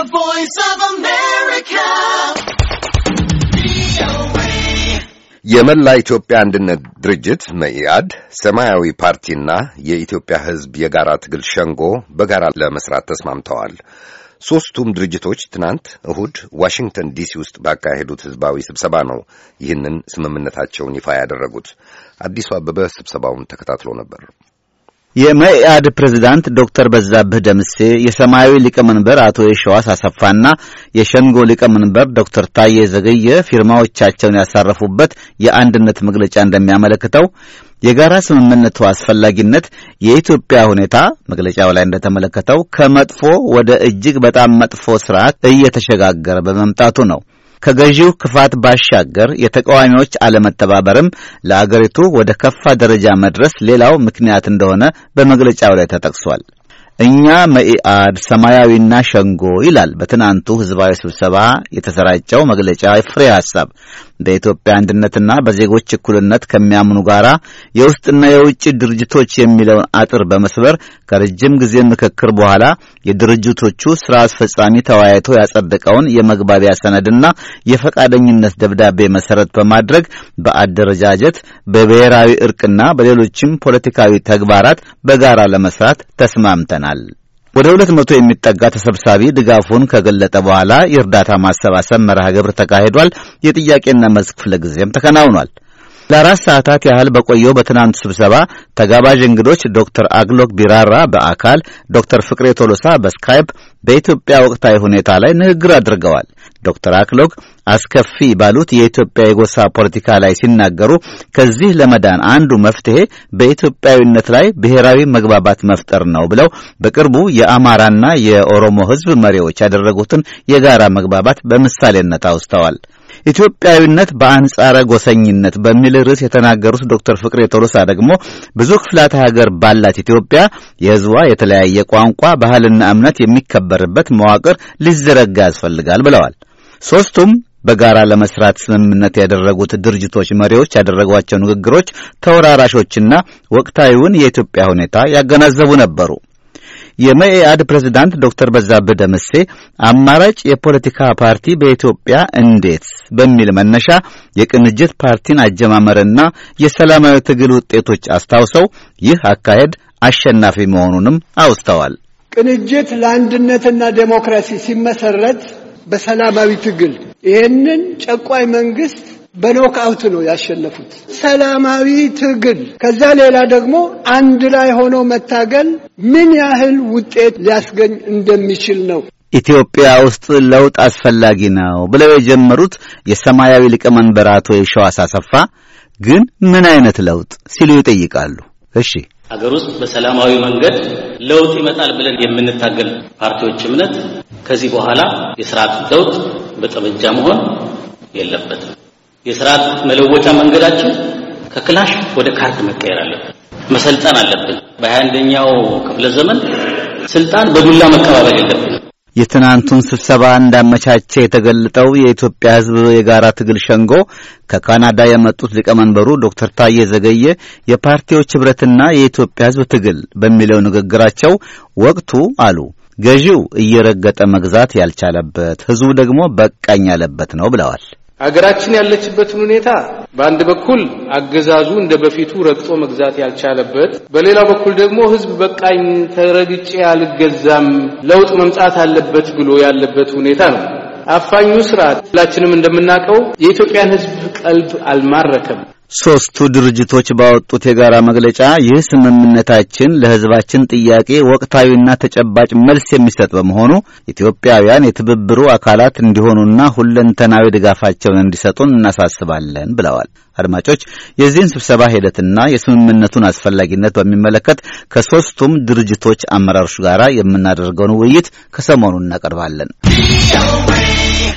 The Voice of America. የመላ ኢትዮጵያ አንድነት ድርጅት መኢአድ፣ ሰማያዊ ፓርቲና የኢትዮጵያ ሕዝብ የጋራ ትግል ሸንጎ በጋራ ለመስራት ተስማምተዋል። ሦስቱም ድርጅቶች ትናንት እሁድ ዋሽንግተን ዲሲ ውስጥ ባካሄዱት ሕዝባዊ ስብሰባ ነው ይህንን ስምምነታቸውን ይፋ ያደረጉት። አዲሱ አበበ ስብሰባውን ተከታትሎ ነበር። የመኢአድ ፕሬዝዳንት ዶክተር በዛብህ ደምሴ የሰማያዊ ሊቀመንበር አቶ የሸዋስ አሰፋና የሸንጎ ሊቀመንበር ዶክተር ታዬ ዘገየ ፊርማዎቻቸውን ያሳረፉበት የአንድነት መግለጫ እንደሚያመለክተው የጋራ ስምምነቱ አስፈላጊነት የኢትዮጵያ ሁኔታ መግለጫው ላይ እንደተመለከተው ከመጥፎ ወደ እጅግ በጣም መጥፎ ስርዓት እየተሸጋገረ በመምጣቱ ነው። ከገዢው ክፋት ባሻገር የተቃዋሚዎች አለመተባበርም ለአገሪቱ ወደ ከፋ ደረጃ መድረስ ሌላው ምክንያት እንደሆነ በመግለጫው ላይ ተጠቅሷል። እኛ መኢአድ፣ ሰማያዊና ሸንጎ ይላል በትናንቱ ህዝባዊ ስብሰባ የተሰራጨው መግለጫ ፍሬ ሐሳብ። በኢትዮጵያ አንድነትና በዜጎች እኩልነት ከሚያምኑ ጋራ የውስጥና የውጭ ድርጅቶች የሚለውን አጥር በመስበር ከረጅም ጊዜ ምክክር በኋላ የድርጅቶቹ ስራ አስፈጻሚ ተወያይቶ ያጸደቀውን የመግባቢያ ሰነድና የፈቃደኝነት ደብዳቤ መሰረት በማድረግ በአደረጃጀት በብሔራዊ እርቅና በሌሎችም ፖለቲካዊ ተግባራት በጋራ ለመስራት ተስማምተናል። ወደ ሁለት መቶ የሚጠጋ ተሰብሳቢ ድጋፉን ከገለጠ በኋላ የእርዳታ ማሰባሰብ መርሃ ግብር ተካሂዷል። የጥያቄና መልስ ክፍለ ጊዜም ተከናውኗል። ለአራት ሰዓታት ያህል በቆየው በትናንቱ ስብሰባ ተጋባዥ እንግዶች ዶክተር አግሎክ ቢራራ በአካል ዶክተር ፍቅሬ ቶሎሳ በስካይፕ በኢትዮጵያ ወቅታዊ ሁኔታ ላይ ንግግር አድርገዋል። ዶክተር አክሎክ አስከፊ ባሉት የኢትዮጵያ የጎሳ ፖለቲካ ላይ ሲናገሩ ከዚህ ለመዳን አንዱ መፍትሄ በኢትዮጵያዊነት ላይ ብሔራዊ መግባባት መፍጠር ነው ብለው በቅርቡ የአማራና የኦሮሞ ሕዝብ መሪዎች ያደረጉትን የጋራ መግባባት በምሳሌነት አውስተዋል። ኢትዮጵያዊነት በአንጻረ ጎሰኝነት በሚል ርዕስ የተናገሩት ዶክተር ፍቅሬ ቶሎሳ ደግሞ ብዙ ክፍላተ ሀገር ባላት ኢትዮጵያ የህዝቧ የተለያየ ቋንቋ፣ ባህልና እምነት የሚከበርበት መዋቅር ሊዘረጋ ያስፈልጋል ብለዋል። ሶስቱም። በጋራ ለመስራት ስምምነት ያደረጉት ድርጅቶች መሪዎች ያደረጓቸው ንግግሮች ተወራራሾችና ወቅታዊውን የኢትዮጵያ ሁኔታ ያገናዘቡ ነበሩ። የመኢአድ ፕሬዝዳንት ዶክተር በዛብህ ደምሴ አማራጭ የፖለቲካ ፓርቲ በኢትዮጵያ እንዴት በሚል መነሻ የቅንጅት ፓርቲን አጀማመርና የሰላማዊ ትግል ውጤቶች አስታውሰው ይህ አካሄድ አሸናፊ መሆኑንም አውስተዋል። ቅንጅት ለአንድነትና ዴሞክራሲ ሲመሰረት በሰላማዊ ትግል ይህንን ጨቋይ መንግስት በኖክአውት ነው ያሸነፉት። ሰላማዊ ትግል ከዛ ሌላ ደግሞ አንድ ላይ ሆኖ መታገል ምን ያህል ውጤት ሊያስገኝ እንደሚችል ነው። ኢትዮጵያ ውስጥ ለውጥ አስፈላጊ ነው ብለው የጀመሩት የሰማያዊ ሊቀመንበር አቶ የሺዋስ አሰፋ ግን ምን አይነት ለውጥ ሲሉ ይጠይቃሉ። እሺ አገር ውስጥ በሰላማዊ መንገድ ለውጥ ይመጣል ብለን የምንታገል ፓርቲዎች እምነት ከዚህ በኋላ የስርዓት ለውጥ በጠመንጃ መሆን የለበትም። የስርዓት መለወጫ መንገዳችን ከክላሽ ወደ ካርድ መቀየር አለብን። መሰልጠን አለብን። በሃያ አንደኛው ክፍለ ዘመን ስልጣን በዱላ መቀባበል የለብንም። የትናንቱን ስብሰባ እንዳመቻቸ የተገለጠው የኢትዮጵያ ሕዝብ የጋራ ትግል ሸንጎ ከካናዳ የመጡት ሊቀመንበሩ ዶክተር ታዬ ዘገየ የፓርቲዎች ህብረትና የኢትዮጵያ ሕዝብ ትግል በሚለው ንግግራቸው ወቅቱ አሉ ገዢው እየረገጠ መግዛት ያልቻለበት፣ ህዝቡ ደግሞ በቃኝ ያለበት ነው ብለዋል። አገራችን ያለችበትን ሁኔታ በአንድ በኩል አገዛዙ እንደ በፊቱ ረግጦ መግዛት ያልቻለበት፣ በሌላ በኩል ደግሞ ህዝብ በቃኝ ተረግጬ አልገዛም ለውጥ መምጣት አለበት ብሎ ያለበት ሁኔታ ነው። አፋኙ ስርዓት ሁላችንም እንደምናውቀው የኢትዮጵያን ህዝብ ቀልብ አልማረከም። ሦስቱ ድርጅቶች ባወጡት የጋራ መግለጫ ይህ ስምምነታችን ለሕዝባችን ጥያቄ ወቅታዊና ተጨባጭ መልስ የሚሰጥ በመሆኑ ኢትዮጵያውያን የትብብሩ አካላት እንዲሆኑና ሁለንተናዊ ድጋፋቸውን እንዲሰጡን እናሳስባለን ብለዋል። አድማጮች የዚህን ስብሰባ ሂደትና የስምምነቱን አስፈላጊነት በሚመለከት ከሦስቱም ድርጅቶች አመራሮች ጋር የምናደርገውን ውይይት ከሰሞኑ እናቀርባለን።